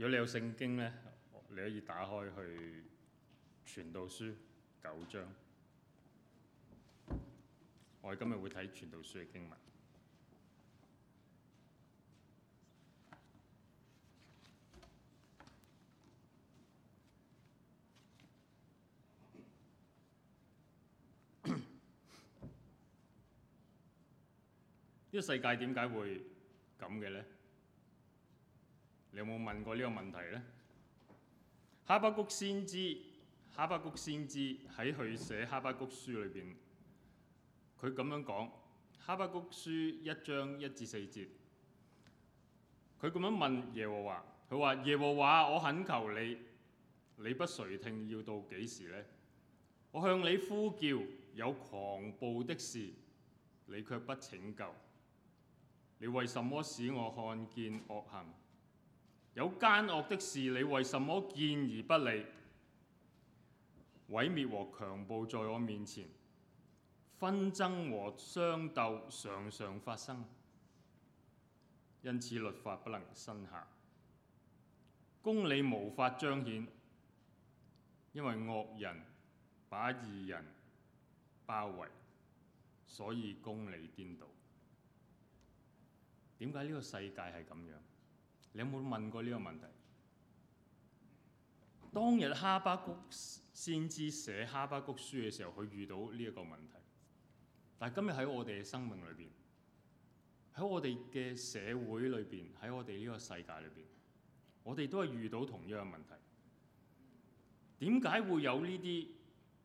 如果你有聖經呢，你可以打開去傳道書九章。我哋今日會睇傳道書嘅經文。呢個世界點解會咁嘅呢？你有冇問過呢個問題呢？哈巴谷先知，哈巴谷先知喺佢寫《哈巴谷》書裏邊，佢咁樣講，《哈巴谷》書一章一至四節，佢咁樣問耶和華：佢話耶和華，我懇求你，你不垂聽要到幾時呢？我向你呼叫，有狂暴的事，你卻不拯救，你為什麼使我看見惡行？有奸惡的事，你為什麼見而不理？毀滅和強暴在我面前，紛爭和相鬥常常發生，因此律法不能生效，公理無法彰顯，因為惡人把義人包圍，所以公理顛倒。點解呢個世界係咁樣？你有冇問過呢個問題？當日哈巴谷先知寫《哈巴谷書》嘅時候，佢遇到呢一個問題。但係今日喺我哋嘅生命裏邊，喺我哋嘅社會裏邊，喺我哋呢個世界裏邊，我哋都係遇到同樣嘅問題。點解會有呢啲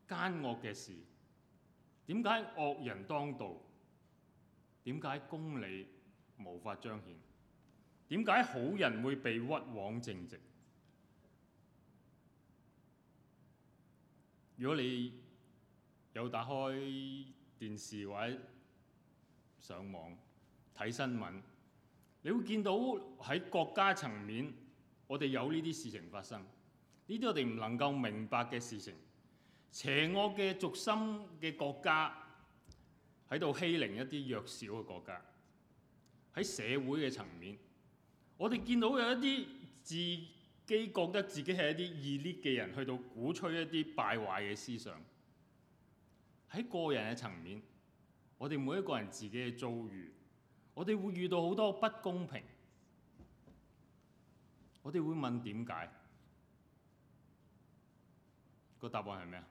奸惡嘅事？點解惡人當道？點解公理無法彰顯？點解好人會被屈枉正直？如果你有打開電視或者上網睇新聞，你會見到喺國家層面，我哋有呢啲事情發生，呢啲我哋唔能夠明白嘅事情。邪惡嘅軸心嘅國家喺度欺凌一啲弱小嘅國家，喺社會嘅層面。我哋見到有一啲自己覺得自己係一啲 elite 嘅人，去到鼓吹一啲敗壞嘅思想。喺個人嘅層面，我哋每一個人自己嘅遭遇，我哋會遇到好多不公平。我哋會問點解？個答案係咩啊？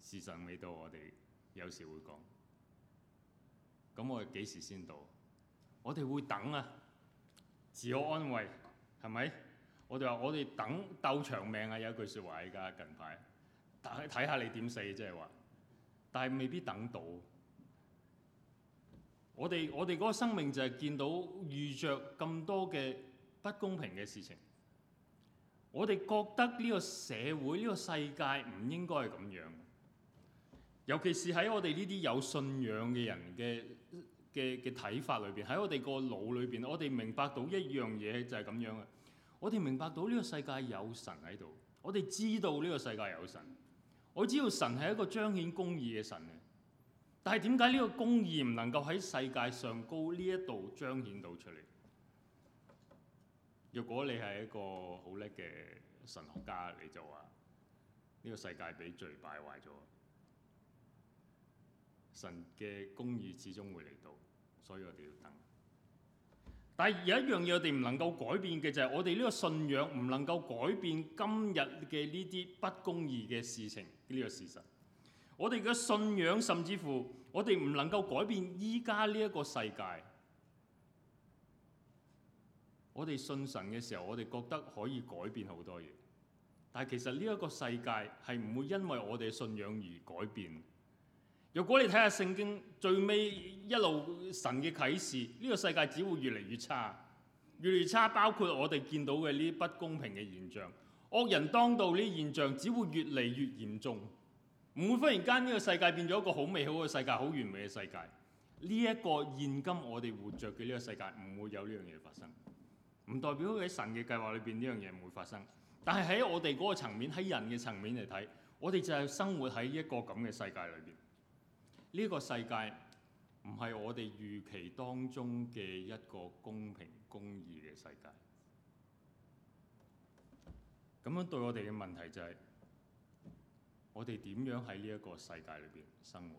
時辰未到，我哋有時會講。咁我哋幾時先到？我哋會等啊！自我安慰係咪？我哋話我哋等鬥長命啊！有一句説話而家近排，但係睇下你點死，即係話，但係未必等到。我哋我哋嗰個生命就係見到遇着咁多嘅不公平嘅事情，我哋覺得呢個社會呢個世界唔應該係咁樣，尤其是喺我哋呢啲有信仰嘅人嘅。嘅嘅睇法裏邊，喺我哋個腦裏邊，我哋明白到一樣嘢就係咁樣嘅。我哋明白到呢個世界有神喺度，我哋知道呢個世界有神，我知道神係一個彰顯公義嘅神嘅。但係點解呢個公義唔能夠喺世界上高呢一度彰顯到出嚟？若果你係一個好叻嘅神學家，你就話：呢個世界畀罪敗壞咗，神嘅公義始終會嚟到。所以我哋要等。但係有一樣嘢我哋唔能夠改變嘅，就係我哋呢個信仰唔能夠改變今日嘅呢啲不公義嘅事情呢個事實。我哋嘅信仰，甚至乎我哋唔能夠改變依家呢一個世界。我哋信神嘅時候，我哋覺得可以改變好多嘢，但係其實呢一個世界係唔會因為我哋嘅信仰而改變。如果你睇下聖經最尾一路神嘅啟示，呢個世界只會越嚟越差，越嚟越差。包括我哋見到嘅呢啲不公平嘅現象、惡人當道呢啲現象，只會越嚟越嚴重，唔會忽然間呢個世界變咗一個好美好嘅世界、好完美嘅世界。呢一個現今我哋活着嘅呢個世界，唔會有呢樣嘢發生。唔代表喺神嘅計劃裏邊呢樣嘢唔會發生，但係喺我哋嗰個層面、喺人嘅層面嚟睇，我哋就係生活喺一個咁嘅世界裏邊。呢、這個世界唔係我哋預期當中嘅一個公平公義嘅世界。咁樣對我哋嘅問題就係：我哋點樣喺呢一個世界裏邊生活？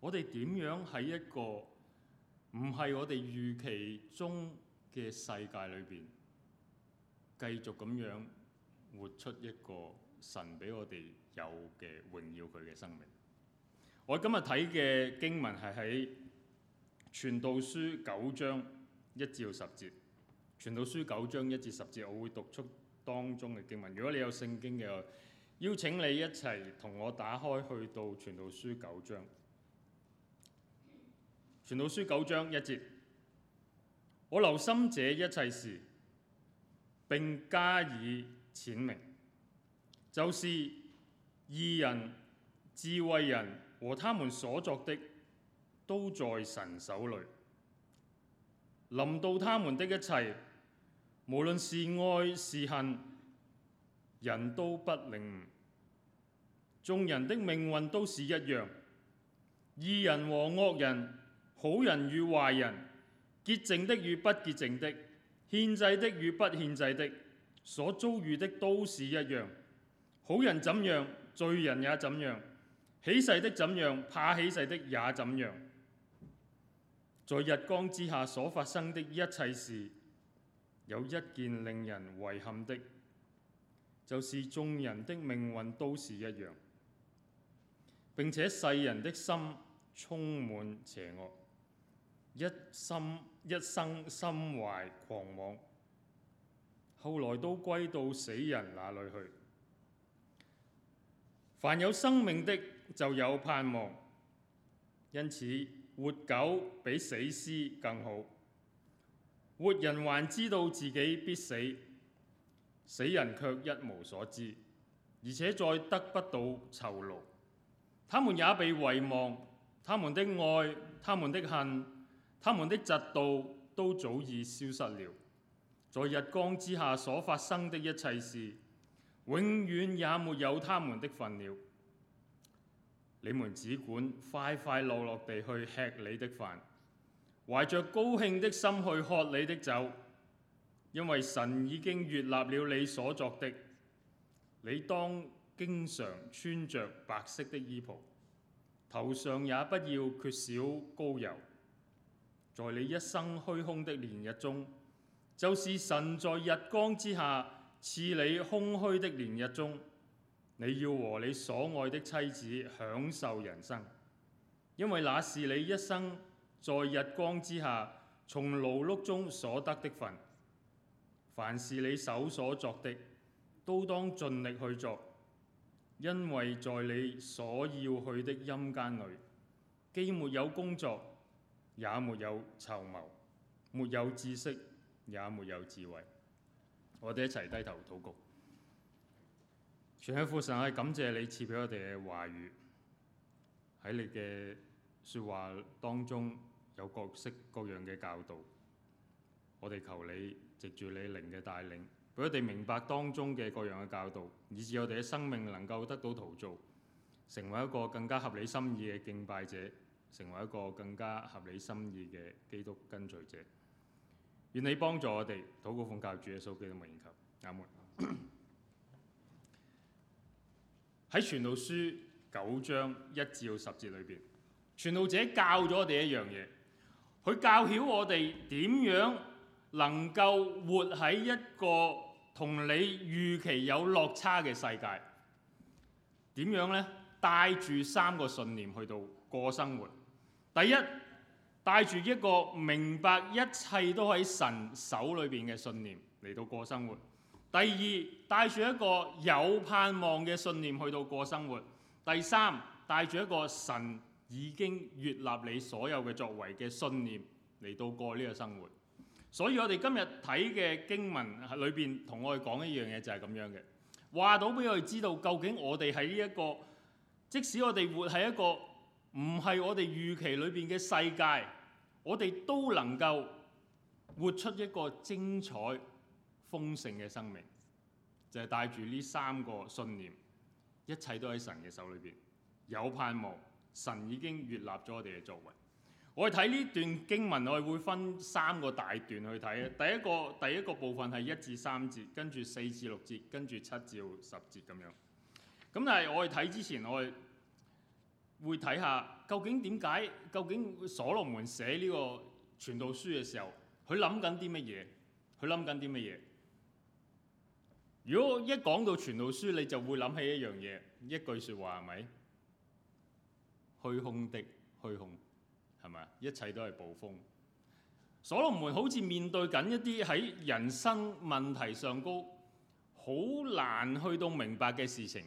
我哋點樣喺一個唔係我哋預期中嘅世界裏邊，繼續咁樣活出一個神俾我哋有嘅榮耀佢嘅生命？我今日睇嘅經文係喺傳道書九章一至十節，傳道書九章一至十節，我會讀出當中嘅經文。如果你有聖經嘅，邀請你一齊同我打開去到傳道書九章。傳道書九章一節，我留心這一切事，並加以闡明，就是義人智慧人，和他們所作的都在神手裏。臨到他們的一切，無論是愛是恨，人都不靈。眾人的命運都是一樣。義人和惡人、好人與壞人、潔淨的與不潔淨的、獻祭的與不獻祭的，所遭遇的都是一樣。好人怎樣，罪人也怎樣。起誓的怎樣，怕起誓的也怎樣。在日光之下所發生的一切事，有一件令人遺憾的，就是眾人的命運都是一樣，並且世人的心充滿邪惡，一心一生心懷狂妄，後來都歸到死人那裏去。凡有生命的，就有盼望，因此活狗比死屍更好。活人還知道自己必死，死人卻一無所知，而且再得不到酬勞。他們也被遺忘，他們的愛，他們的恨，他們的嫉妒都早已消失了。在日光之下所發生的一切事，永遠也沒有他們的份了。你們只管快快樂樂地去吃你的飯，懷着高興的心去喝你的酒，因為神已經悅納了你所作的。你當經常穿着白色的衣服，頭上也不要缺少膏油。在你一生虛空的年日中，就是神在日光之下賜你空虛的年日中。你要和你所愛的妻子享受人生，因為那是你一生在日光之下從勞碌中所得的份。凡是你手所作的，都當盡力去作，因為在你所要去的陰間裏，既沒有工作，也沒有籌謀，沒有知識，也沒有智慧。我哋一齊低頭禱告。全喺父神，係感謝你賜俾我哋嘅話語。喺你嘅説話當中有各式各樣嘅教導，我哋求你藉住你靈嘅帶領，俾我哋明白當中嘅各樣嘅教導，以致我哋嘅生命能夠得到陶造，成為一個更加合理心意嘅敬拜者，成為一個更加合理心意嘅基督跟隨者。願你幫助我哋，禱告奉教主耶穌基督名祈求，阿門。 喺《傳道書》九章一至到十節裏邊，傳道者教咗我哋一樣嘢，佢教曉我哋點樣能夠活喺一個同你預期有落差嘅世界。點樣呢？帶住三個信念去到過生活。第一，帶住一個明白一切都喺神手裏邊嘅信念嚟到過生活。第二，帶住一個有盼望嘅信念去到過生活；第三，帶住一個神已經悅納你所有嘅作為嘅信念嚟到過呢個生活。所以，我哋今日睇嘅經文裏邊同我哋講一樣嘢，就係咁樣嘅，話到俾我哋知道，究竟我哋喺呢一個，即使我哋活喺一個唔係我哋預期裏面嘅世界，我哋都能夠活出一個精彩。豐盛嘅生命，就係、是、帶住呢三個信念，一切都喺神嘅手裏邊。有盼望，神已經悅納咗我哋嘅作為。我哋睇呢段經文，我哋會分三個大段去睇。第一個，第一個部分係一至三節，跟住四至六節，跟住七至十節咁樣。咁但係我哋睇之前，我哋會睇下究竟點解，究竟所羅門寫呢個傳道書嘅時候，佢諗緊啲乜嘢？佢諗緊啲乜嘢？如果一講到傳道書，你就會諗起一樣嘢，一句説話係咪？虛空的虛空係咪？一切都係暴風。所羅門好似面對緊一啲喺人生問題上高，好難去到明白嘅事情。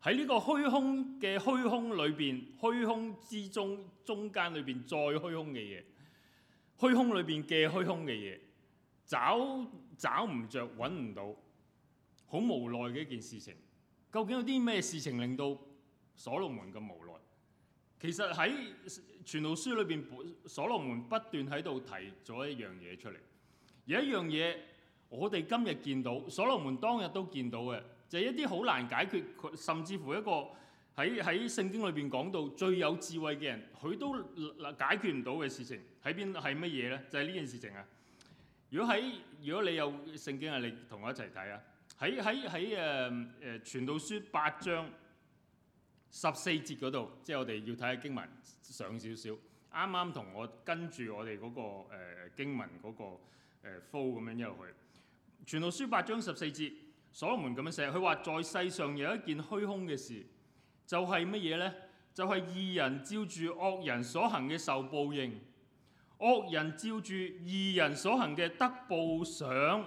喺呢個虛空嘅虛空裏邊，虛空之中，中間裏邊再虛空嘅嘢，虛空裏邊嘅虛空嘅嘢，找找唔着，搵唔到。好無奈嘅一件事情，究竟有啲咩事情令到所羅門咁無奈？其實喺《傳道書》裏邊，所羅門不斷喺度提咗一樣嘢出嚟。有一樣嘢，我哋今日見到，所羅門當日都見到嘅，就係一啲好難解決，甚至乎一個喺喺聖經裏邊講到最有智慧嘅人，佢都解決唔到嘅事情，喺邊係乜嘢呢？就係呢件事情啊！如果喺，如果你有聖經啊，你同我一齊睇啊！喺喺喺誒誒傳道書八章十四節嗰度，即係我哋要睇下經文上少少。啱啱同我跟住我哋嗰、那個誒、呃、經文嗰個誒 flow 咁樣入去。傳道書八章十四節，所羅門咁樣寫，佢話在世上有一件虛空嘅事，就係乜嘢咧？就係、是、義人照住惡人所行嘅受報應，惡人照住義人所行嘅得報賞。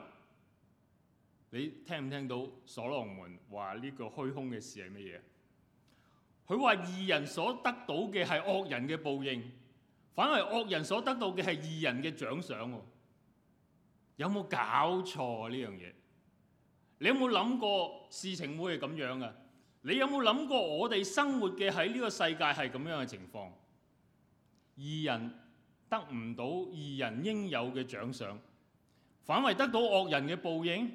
你聽唔聽到所羅門話呢個虛空嘅事係乜嘢？佢話義人所得到嘅係惡人嘅報應，反為惡人所得到嘅係義人嘅獎賞。有冇搞錯啊？呢樣嘢？你有冇諗過事情會係咁樣啊？你有冇諗過我哋生活嘅喺呢個世界係咁樣嘅情況？義人得唔到義人應有嘅獎賞，反為得到惡人嘅報應。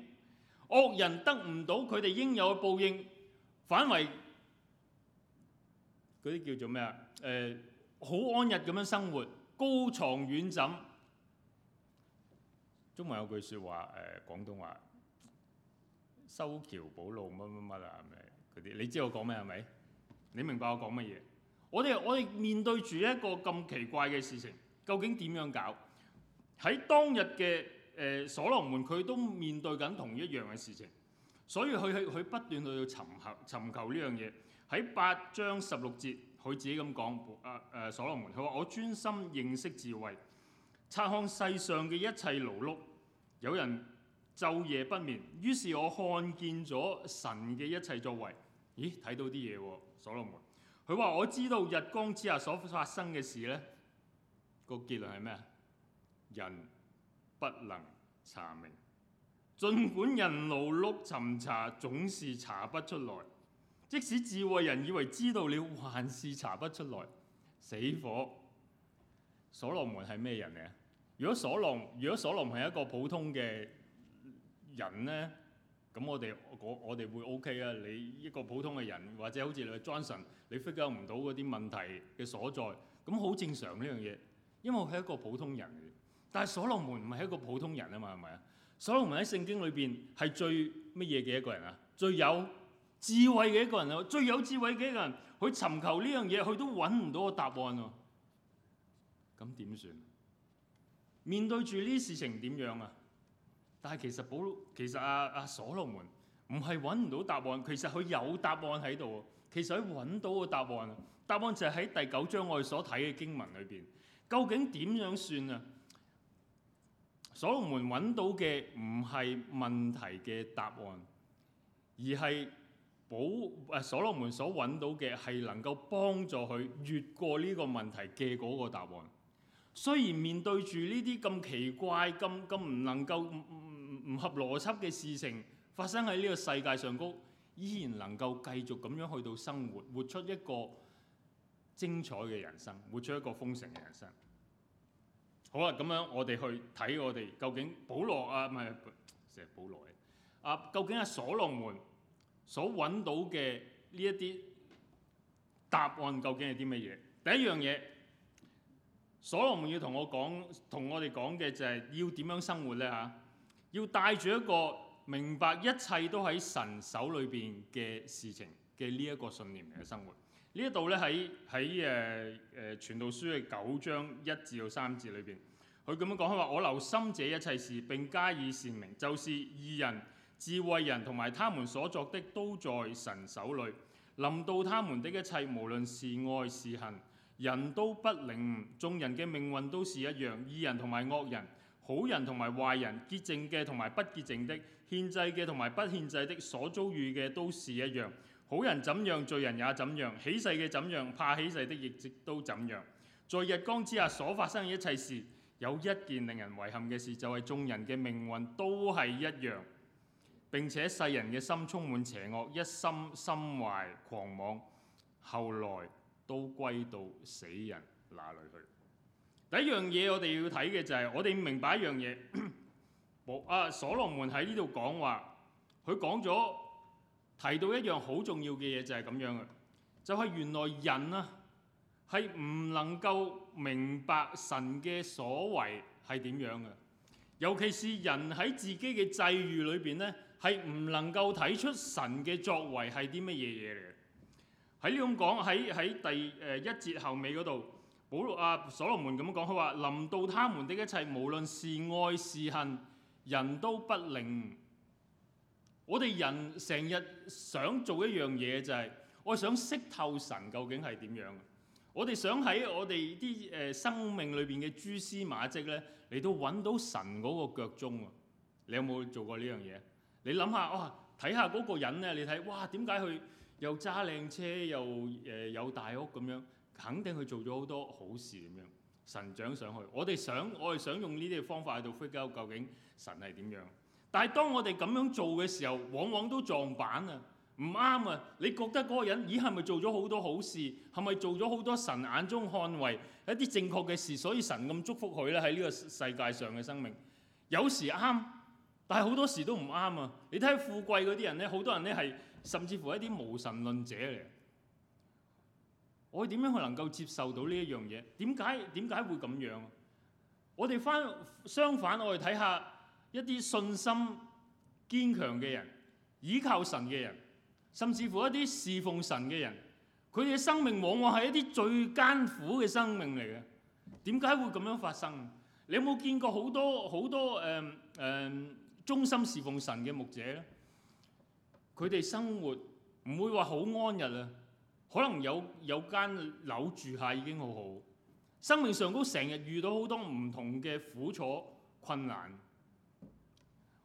惡人得唔到佢哋應有嘅報應，反為嗰啲叫做咩啊？誒，好安逸咁樣生活，高牀軟枕。中文有句説話誒，廣東話修橋補路乜乜乜啊？係咪嗰啲？你知我講咩係咪？你明白我講乜嘢？我哋我哋面對住一個咁奇怪嘅事情，究竟點樣搞？喺當日嘅。誒、呃、所羅門佢都面對緊同一樣嘅事情，所以佢去佢不斷去尋求尋求呢樣嘢。喺八章十六節，佢自己咁講啊，誒所羅門，佢話我專心認識智慧，察看世上嘅一切勞碌，有人晝夜不眠，於是我看見咗神嘅一切作為。咦，睇到啲嘢喎，所羅門。佢話我知道日光之下所發生嘅事呢，個結論係咩啊？人。不能查明，儘管人勞碌尋查，總是查不出來，即使智慧人以為知道了，還是查不出來，死火！所羅門係咩人嚟啊？如果所羅如果所羅門係一個普通嘅人咧，咁我哋我我哋會 OK 啊？你一個普通嘅人，或者好似你 Johnson，你 figure 唔到啲問題嘅所在，咁好正常呢樣嘢，因為我係一個普通人。但係所羅門唔係一個普通人啊嘛，係咪啊？所羅門喺聖經裏邊係最乜嘢嘅一個人啊？最有智慧嘅一個人啊！最有智慧嘅一個人，去尋求呢樣嘢，佢都揾唔到個答案咯、啊。咁點算？面對住呢事情點樣啊？但係其實保，其實阿、啊、阿、啊、所羅門唔係揾唔到答案，其實佢有答案喺度。其實佢揾到個答案，答案就係喺第九章我哋所睇嘅經文裏邊。究竟點樣算啊？所羅門揾到嘅唔係問題嘅答案，而係保誒所羅門所揾到嘅係能夠幫助佢越過呢個問題嘅嗰個答案。雖然面對住呢啲咁奇怪、咁咁唔能夠唔合邏輯嘅事情發生喺呢個世界上高，依然能夠繼續咁樣去到生活，活出一個精彩嘅人生，活出一個豐盛嘅人生。好啦，咁樣我哋去睇我哋究竟保羅啊，唔係成日保羅啊，究竟阿所羅門所揾到嘅呢一啲答案究竟係啲乜嘢？第一樣嘢，所羅門要同我講，同我哋講嘅就係要點樣生活咧嚇、啊？要帶住一個明白一切都喺神手裏邊嘅事情嘅呢一個信念嚟嘅生活。呢一度咧喺喺誒誒傳道書嘅九章一至到三節裏邊，佢咁樣講：佢話我留心這一切事，並加以善明，就是義人、智慧人同埋他們所作的，都在神手裏。臨到他們的一切，無論是愛是恨，人都不領悟。眾人嘅命運都是一樣，義人同埋惡人，好人同埋壞人，潔淨嘅同埋不潔淨的，獻祭嘅同埋不獻祭的，所遭遇嘅都是一樣。好人怎樣，罪人也怎樣；起誓嘅怎樣，怕起誓的亦都怎樣。在日光之下所發生嘅一切事，有一件令人遺憾嘅事，就係眾人嘅命運都係一樣，並且世人嘅心充滿邪惡，一生心懷狂妄，後來都歸到死人那裡去。第一樣嘢我哋要睇嘅就係我哋明白一樣嘢，啊所羅門喺呢度講話，佢講咗。提到一樣好重要嘅嘢，就係咁樣嘅，就係、是就是、原來人啊係唔能夠明白神嘅所為係點樣嘅，尤其是人喺自己嘅際遇裏邊咧係唔能夠睇出神嘅作為係啲乜嘢嘢嚟嘅。喺呢種講喺喺第誒、呃、一節後尾嗰度，保啊所羅門咁樣講，佢話臨到他們的一切，無論是愛是恨，人都不靈。我哋人成日想做一樣嘢就係、是，我係想識透神究竟係點樣的。我哋想喺我哋啲誒生命裏邊嘅蛛絲馬跡咧，嚟到揾到神嗰個腳蹤。你有冇做過呢樣嘢？你諗下，哇，睇下嗰個人咧，你睇，哇，點解佢又揸靚車，又誒、呃、有大屋咁樣，肯定佢做咗好多好事咁樣。神長上去。我哋想，我係想用呢啲方法喺度 figure out 究竟神係點樣。但係當我哋咁樣做嘅時候，往往都撞板啊！唔啱啊！你覺得嗰個人，咦係咪做咗好多好事？係咪做咗好多神眼中看為一啲正確嘅事？所以神咁祝福佢呢？喺呢個世界上嘅生命。有時啱，但係好多時都唔啱啊！你睇下富貴嗰啲人呢，好多人呢係甚至乎係一啲無神論者嚟。我點樣去能夠接受到呢一樣嘢？點解，點解會咁樣？我哋翻相反，我哋睇下。一啲信心堅強嘅人，依靠神嘅人，甚至乎一啲侍奉神嘅人，佢哋嘅生命往往係一啲最艱苦嘅生命嚟嘅。點解會咁樣發生？你有冇見過好多好多誒誒、嗯嗯、忠心侍奉神嘅牧者咧？佢哋生活唔會話好安逸啊，可能有有間樓住下已經好好，生命上高成日遇到好多唔同嘅苦楚困難。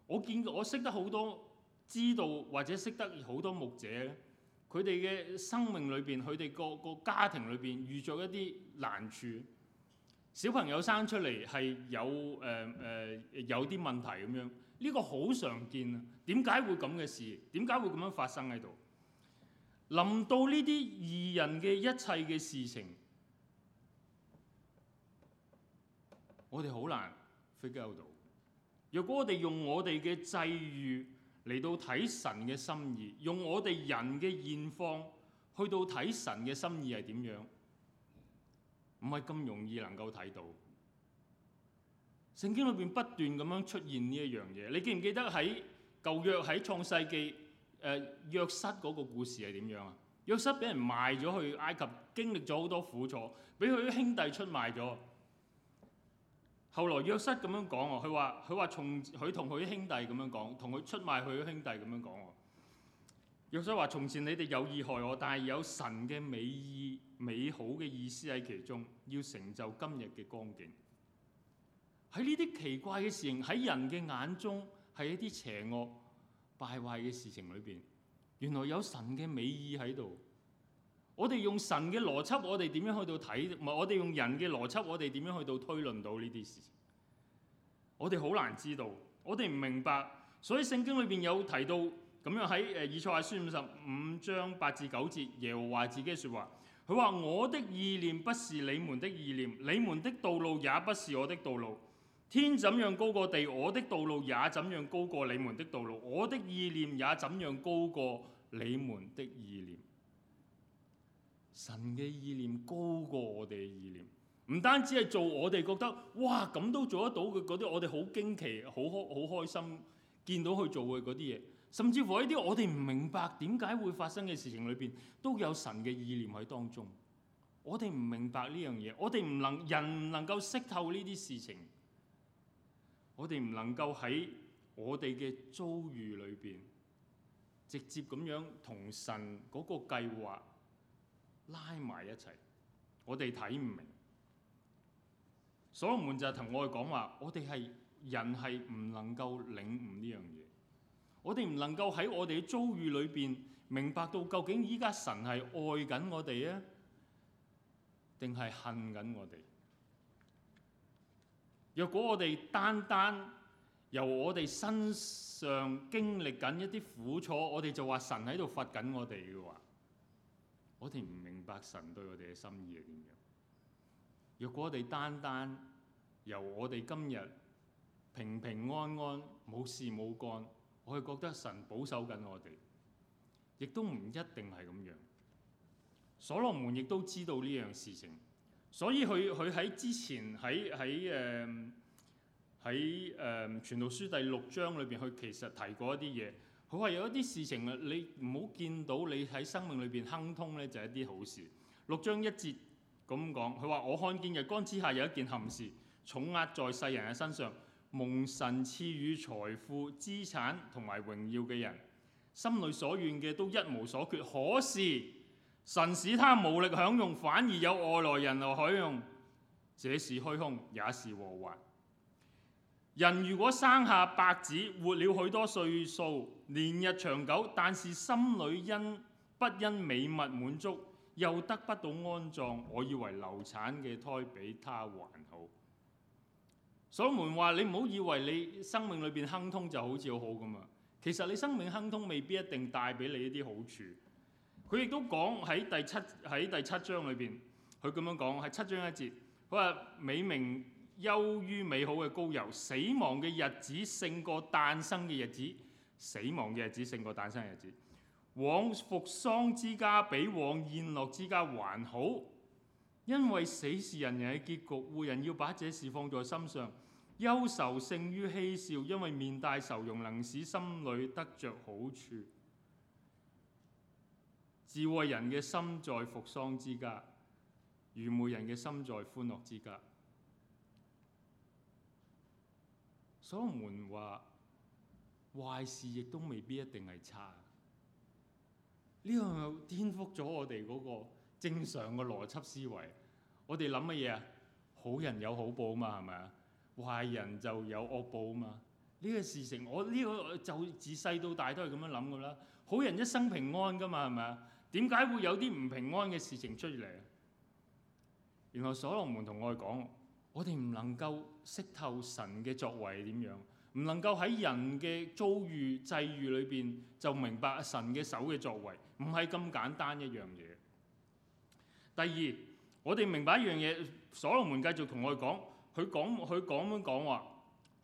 我見我識得好多知道或者識得好多牧者，佢哋嘅生命裏邊，佢哋個個家庭裏邊遇著一啲難處，小朋友生出嚟係有誒誒、呃呃、有啲問題咁樣，呢、呢個好常見啊！點解會咁嘅事？點解會咁樣發生喺度？臨到呢啲二人嘅一切嘅事情，我哋好難 figure out 到。若果我哋用我哋嘅際遇嚟到睇神嘅心意，用我哋人嘅現況去到睇神嘅心意係點樣？唔係咁容易能夠睇到。聖經裏邊不斷咁樣出現呢一樣嘢。你記唔記得喺舊約喺創世記誒、呃、約瑟嗰個故事係點樣啊？約瑟俾人賣咗去埃及，經歷咗好多苦楚，俾佢啲兄弟出賣咗。後來約瑟咁樣講喎，佢話佢話從佢同佢兄弟咁樣講，同佢出賣佢兄弟咁樣講喎。約瑟話：從前你哋有意害我，但係有神嘅美意美好嘅意思喺其中，要成就今日嘅光景。喺呢啲奇怪嘅事情，喺人嘅眼中係一啲邪惡敗壞嘅事情裏邊，原來有神嘅美意喺度。我哋用神嘅邏輯我，我哋點樣去到睇？唔係我哋用人嘅邏輯，我哋點樣去到推論到呢啲事情？我哋好難知道，我哋唔明白。所以聖經裏邊有提到咁樣，喺誒以賽亞書五十五章八至九節，耶和華自己嘅說話，佢話：我的意念不是你們的意念，你們的道路也不是我的道路。天怎樣高過地，我的道路也怎樣高過你們的道路，我的意念也怎樣高過你們的意念。神嘅意念高過我哋嘅意念，唔單止係做我哋覺得哇咁都做得到嘅嗰啲，我哋好驚奇、好開、好開心見到佢做嘅嗰啲嘢，甚至乎喺啲我哋唔明白點解會發生嘅事情裏邊，都有神嘅意念喺當中。我哋唔明白呢樣嘢，我哋唔能人能夠識透呢啲事情，我哋唔能夠喺我哋嘅遭遇裏邊直接咁樣同神嗰個計劃。拉埋一齊，我哋睇唔明。所羅門就係同我哋講話，我哋係人係唔能夠領悟呢樣嘢，我哋唔能夠喺我哋嘅遭遇裏邊明白到究竟依家神係愛緊我哋啊，定係恨緊我哋？若果我哋單單由我哋身上經歷緊一啲苦楚，我哋就話神喺度罰緊我哋嘅話我哋唔明白神對我哋嘅心意係點樣。若果我哋單單由我哋今日平平安安冇事冇干，我哋覺得神保守緊我哋，亦都唔一定係咁樣的。所羅門亦都知道呢樣事情，所以佢佢喺之前喺喺誒喺誒傳道書第六章裏邊，佢其實提過一啲嘢。佢話有一啲事情啊，你唔好見到你喺生命裏邊亨通呢，就係、是、一啲好事。六章一節咁講，佢話我看見日光之下有一件憾事，重壓在世人嘅身上，蒙神賜予財富、資產同埋榮耀嘅人，心裏所願嘅都一無所缺，可是神使他無力享用，反而有外來人來享用，這是虛空，也是禍患。人如果生下百子，活了許多歲數，年日長久，但是心裏因不因美物滿足，又得不到安葬，我以為流產嘅胎比他還好。所羅門話：你唔好以為你生命裏邊亨通就好似好好咁啊！其實你生命亨通未必一定帶俾你一啲好處。佢亦都講喺第七，喺第七章裏邊，佢咁樣講，喺七章一節，佢話美名。憂於美好嘅膏油，死亡嘅日子勝過誕生嘅日子，死亡嘅日子勝過誕生嘅日子。往服喪之家比往宴樂之家還好，因為死是人人嘅結局，活人要把這事放在心上。憂愁勝於嬉笑，因為面帶愁容能使心裏得着好處。智慧人嘅心在服喪之家，愚昧人嘅心在歡樂之家。所羅門話：壞事亦都未必一定係差，呢個顛覆咗我哋嗰個正常嘅邏輯思維。我哋諗乜嘢啊？好人有好報啊嘛，係咪啊？壞人就有惡報啊嘛。呢個事情，我呢個就自細到大都係咁樣諗㗎啦。好人一生平安㗎嘛，係咪啊？點解會有啲唔平安嘅事情出嚟？然後所羅門同我講。我哋唔能夠識透神嘅作為點樣，唔能夠喺人嘅遭遇際遇裏邊就明白神嘅手嘅作為，唔係咁簡單一樣嘢。第二，我哋明白一樣嘢。所羅門繼續同我哋講，佢講佢講咁講話，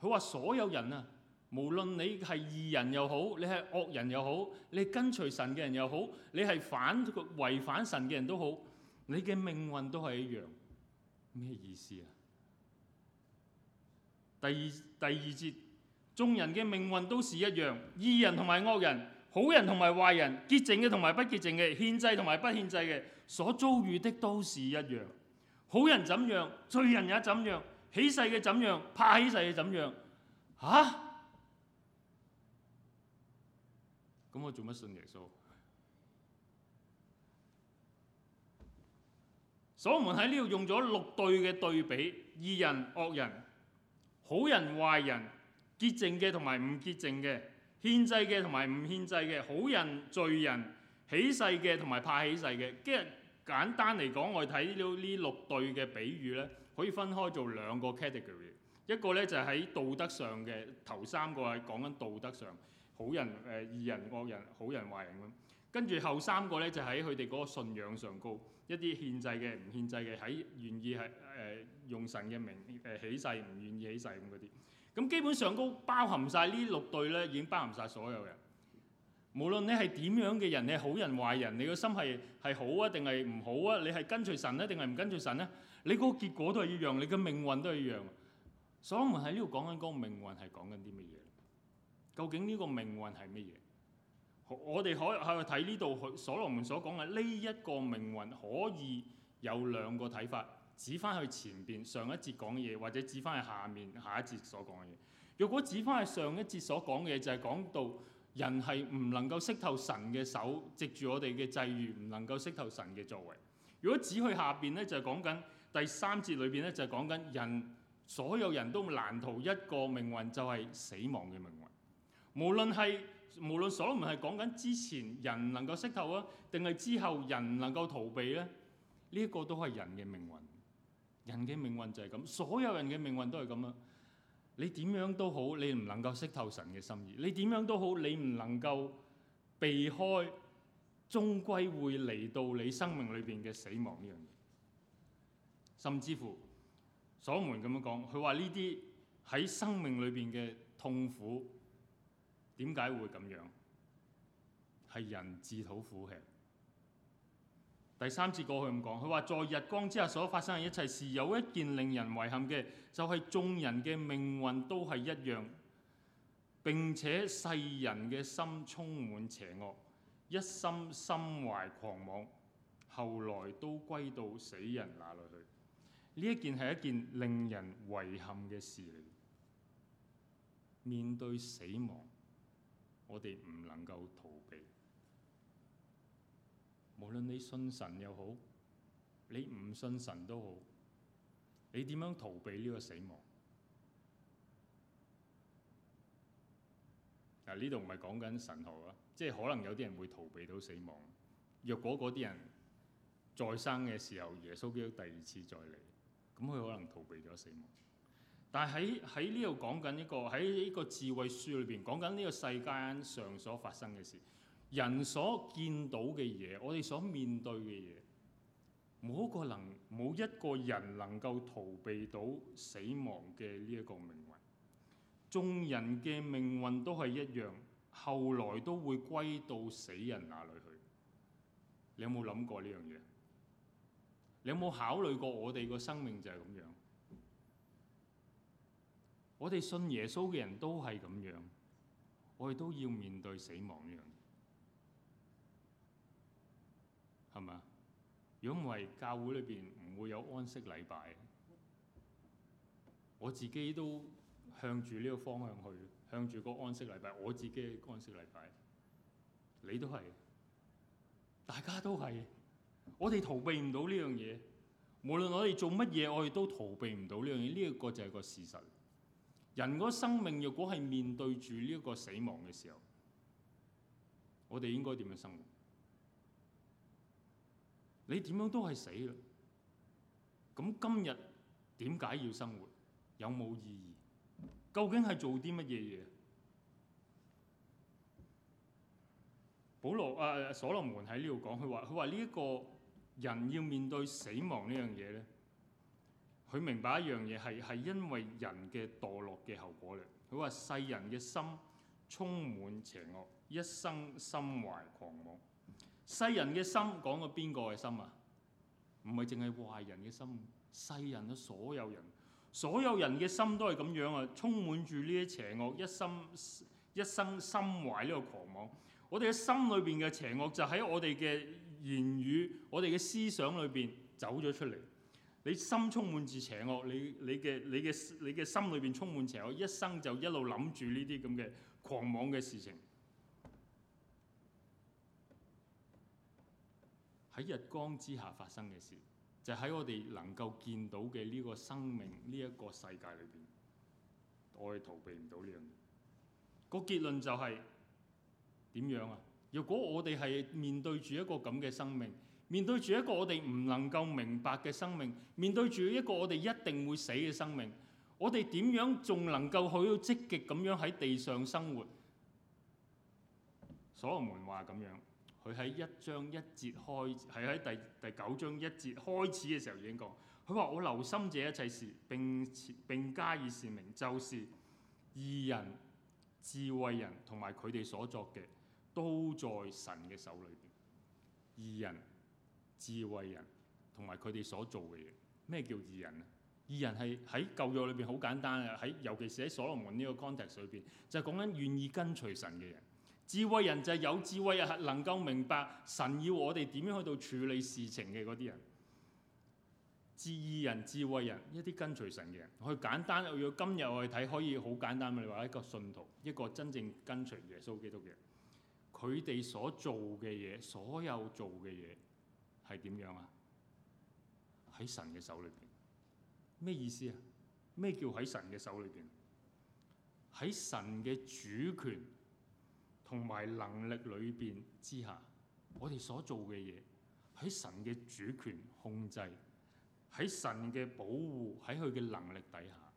佢話所有人啊，無論你係義人又好，你係惡人又好，你係跟隨神嘅人又好，你係反違反神嘅人都好，你嘅命運都係一樣。咩意思啊？第二第二節，眾人嘅命運都是一樣，義人同埋惡人，好人同埋壞人，潔淨嘅同埋不潔淨嘅，獻祭同埋不獻祭嘅，所遭遇的都是一樣。好人怎樣，罪人也怎樣；起誓嘅怎樣，怕起誓嘅怎樣？吓、啊？咁我做乜信耶穌？所我喺呢度用咗六對嘅對比，義人、惡人。好人壞人，潔淨嘅同埋唔潔淨嘅，獻祭嘅同埋唔獻祭嘅，好人罪人，起誓嘅同埋怕起誓嘅，今日簡單嚟講，我睇到呢六對嘅比喻咧，可以分開做兩個 category，一個咧就喺、係、道德上嘅，頭三個係講緊道德上，好人誒、呃，義人惡人，好人壞人咁。跟住後三個咧，就喺佢哋嗰個信仰上高一啲，獻祭嘅，唔獻祭嘅，喺願意係誒用神嘅名誒起誓，唔願意起誓咁嗰啲。咁基本上高包含曬呢六對咧，已經包含曬所有人。無論你係點樣嘅人，你好人壞人，你個心係係好啊定係唔好啊？你係跟隨神咧定係唔跟隨神咧？你嗰個結果都係一樣，你嘅命運都係一樣。所以我們喺呢度講緊個命運係講緊啲乜嘢？究竟呢個命運係乜嘢？我哋可以喺度睇呢度，所羅門所講嘅呢一個命運可以有兩個睇法。指翻去前邊上一節講嘢，或者指翻去下面下一節所講嘅嘢。如果指翻去上一節所講嘅嘢，就係講到人係唔能夠識透神嘅手，藉住我哋嘅際遇，唔能夠識透神嘅作為。如果指去下邊咧，就係講緊第三節裏邊咧，就係講緊人所有人都難逃一個命運，就係死亡嘅命運。無論係。無論所門係講緊之前人能夠識透啊，定係之後人能夠逃避呢？呢一個都係人嘅命運，人嘅命運就係咁，所有人嘅命運都係咁啊！你點樣都好，你唔能夠識透神嘅心意；你點樣都好，你唔能夠避開，終歸會嚟到你生命裏邊嘅死亡呢樣嘢。甚至乎所門咁樣講，佢話呢啲喺生命裏邊嘅痛苦。點解會咁樣？係人自討苦吃。第三節過去咁講，佢話在日光之下所發生嘅一切事，是有一件令人遺憾嘅，就係、是、眾人嘅命運都係一樣。並且世人嘅心充滿邪惡，一心心懷狂妄，後來都歸到死人那裡去。呢一件係一件令人遺憾嘅事嚟。面對死亡。我哋唔能夠逃避，無論你信神又好，你唔信神都好，你點樣逃避呢個死亡？嗱，呢度唔係講緊神學啊，即係可能有啲人會逃避到死亡。若果嗰啲人再生嘅時候，耶穌基督第二次再嚟，咁佢可能逃避咗死亡。但係喺喺呢度講緊一個，喺呢個智慧書裏邊講緊呢個世界上所發生嘅事，人所見到嘅嘢，我哋所面對嘅嘢，冇一個能冇一個人能夠逃避到死亡嘅呢一個命運。眾人嘅命運都係一樣，後來都會歸到死人那裡去。你有冇諗過呢樣嘢？你有冇考慮過我哋個生命就係咁樣？我哋信耶穌嘅人都係咁樣，我哋都要面對死亡呢樣嘢，係咪？如果唔係教會裏邊唔會有安息禮拜。我自己都向住呢個方向去，向住個安息禮拜。我自己嘅安息禮拜，你都係，大家都係。我哋逃避唔到呢樣嘢，無論我哋做乜嘢，我哋都逃避唔到呢樣嘢。呢一個就係個事實。人個生命若果係面對住呢一個死亡嘅時候，我哋應該點樣生活？你點樣都係死啦。咁今日點解要生活？有冇意義？究竟係做啲乜嘢嘢？保羅啊，所羅門喺呢度講，佢話：佢話呢一個人要面對死亡呢樣嘢咧。佢明白一樣嘢係係，因為人嘅墮落嘅後果嚟。佢話世人嘅心充滿邪惡，一生心懷狂妄。世人嘅心講到邊個嘅心啊？唔係淨係壞人嘅心，世人嘅所有人，所有人嘅心都係咁樣啊，充滿住呢啲邪惡，一心一生心懷呢個狂妄。我哋嘅心裏邊嘅邪惡就喺我哋嘅言語、我哋嘅思想裏邊走咗出嚟。你心充滿住邪惡，你你嘅你嘅你嘅心裏邊充滿邪惡，一生就一路諗住呢啲咁嘅狂妄嘅事情，喺日光之下發生嘅事，就喺我哋能夠見到嘅呢個生命呢一個世界裏邊，我哋逃避唔到呢樣嘢。個結論就係點樣啊？如果我哋係面對住一個咁嘅生命。面對住一個我哋唔能夠明白嘅生命，面對住一個我哋一定會死嘅生命，我哋點樣仲能夠去到積極咁樣喺地上生活？所羅門話咁樣，佢喺一章一節開始，係喺第第九章一節開始嘅時候已經講，佢話我留心這一切事，並並加以善明，就是義人、智慧人同埋佢哋所作嘅，都在神嘅手裏邊。義人。智慧人同埋佢哋所做嘅嘢，咩叫義人啊？義人係喺舊約裏邊好簡單啊，喺尤其是喺所羅門呢個 context 裏邊，就係講緊願意跟隨神嘅人。智慧人就係有智慧，啊，能夠明白神要我哋點樣去到處理事情嘅嗰啲人。義人、智慧人，一啲跟隨神嘅人，去簡單又要今日我哋睇可以好簡單。你話一個信徒，一個真正跟隨耶穌基督嘅，佢哋所做嘅嘢，所有做嘅嘢。係點樣啊？喺神嘅手裏邊，咩意思啊？咩叫喺神嘅手裏邊？喺神嘅主權同埋能力裏面之下，我哋所做嘅嘢，喺神嘅主權控制，喺神嘅保護，喺佢嘅能力底下，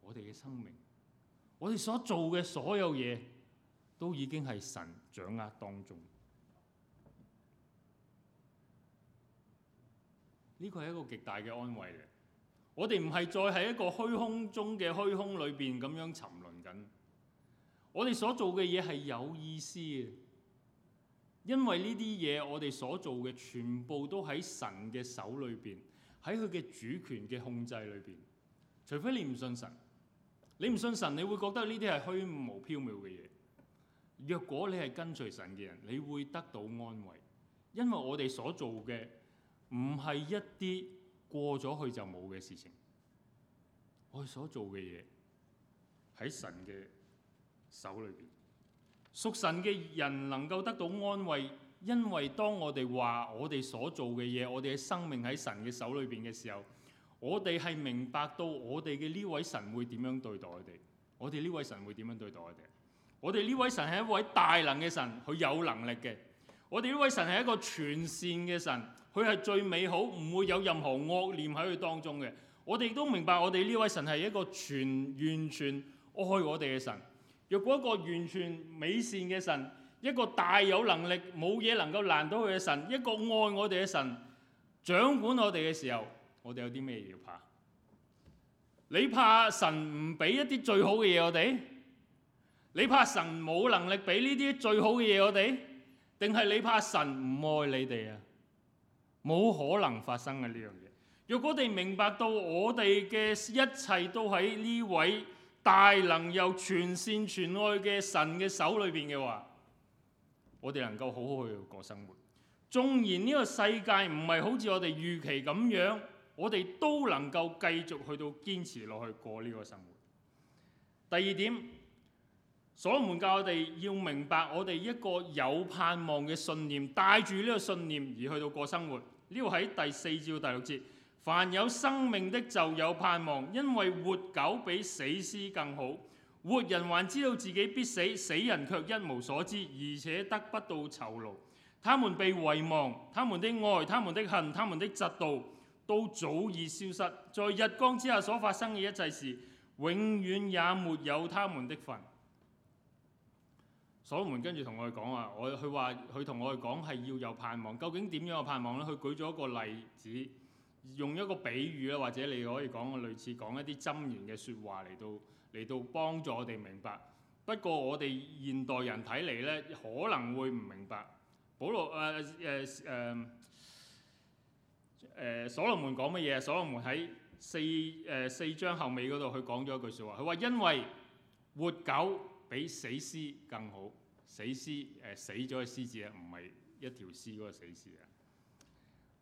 我哋嘅生命，我哋所做嘅所有嘢，都已經係神掌握當中。呢個係一個極大嘅安慰嚟，我哋唔係再喺一個虛空中嘅虛空裏邊咁樣沉淪緊。我哋所做嘅嘢係有意思嘅，因為呢啲嘢我哋所做嘅全部都喺神嘅手裏邊，喺佢嘅主權嘅控制裏邊。除非你唔信神，你唔信神，你會覺得呢啲係虛無飄渺嘅嘢。若果你係跟隨神嘅人，你會得到安慰，因為我哋所做嘅，唔係一啲過咗去就冇嘅事情，我哋所做嘅嘢喺神嘅手裏邊。屬神嘅人能夠得到安慰，因為當我哋話我哋所做嘅嘢，我哋嘅生命喺神嘅手裏邊嘅時候，我哋係明白到我哋嘅呢位神會點樣對待我哋。我哋呢位神會點樣對待我哋？我哋呢位神係一位大能嘅神，佢有能力嘅。我哋呢位神係一個全善嘅神，佢係最美好，唔會有任何惡念喺佢當中嘅。我哋亦都明白，我哋呢位神係一個全完全愛我哋嘅神。若果一個完全美善嘅神，一個大有能力、冇嘢能夠難倒佢嘅神，一個愛我哋嘅神掌管我哋嘅時候，我哋有啲咩要怕？你怕神唔俾一啲最好嘅嘢我哋？你怕神冇能力俾呢啲最好嘅嘢我哋？定係你怕神唔愛你哋啊？冇可能發生嘅呢樣嘢。若果我哋明白到我哋嘅一切都喺呢位大能又全善全愛嘅神嘅手裏邊嘅話，我哋能夠好好去過生活。縱然呢個世界唔係好似我哋預期咁樣，我哋都能夠繼續去到堅持落去過呢個生活。第二點。所門教我哋要明白，我哋一個有盼望嘅信念，帶住呢個信念而去到過生活。呢個喺第四至第六節，凡有生命的就有盼望，因為活狗比死屍更好。活人還知道自己必死，死人卻一無所知，而且得不到酬勞。他們被遺忘，他們的愛、他們的恨、他們的嫉妒都早已消失，在日光之下所發生嘅一切事，永遠也沒有他們的份。所羅門跟住同我哋講話，我佢話佢同我哋講係要有盼望。究竟點樣有盼望呢？佢舉咗一個例子，用一個比喻啊，或者你可以講個類似講一啲箴言嘅説話嚟到嚟到幫助我哋明白。不過我哋現代人睇嚟呢可能會唔明白。保羅誒誒誒誒所羅門講乜嘢？所羅門喺四誒四章後尾嗰度，佢講咗一句説話。佢話因為活狗比死屍更好，死屍誒、呃、死咗嘅屍字啊，唔係一條屍嗰個死屍啊。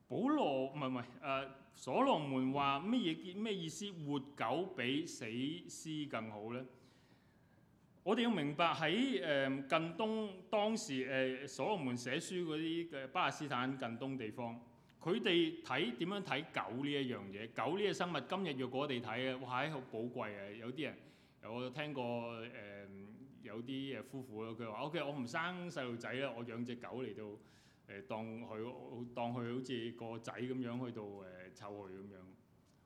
保羅唔係唔係誒，所羅門話咩嘢咩意思？活狗比死屍更好咧。我哋要明白喺誒、呃、近東當時誒、呃、所羅門寫書嗰啲嘅巴勒斯坦近東地方，佢哋睇點樣睇狗呢一樣嘢？狗呢個生物，今日若果我哋睇啊，哇！係好、哎、寶貴啊，有啲人有我聽過誒。呃有啲誒夫婦咯，佢話：O K，我唔生細路仔啦，我養隻狗嚟到誒，當佢當佢好似個仔咁樣去到誒湊佢咁樣。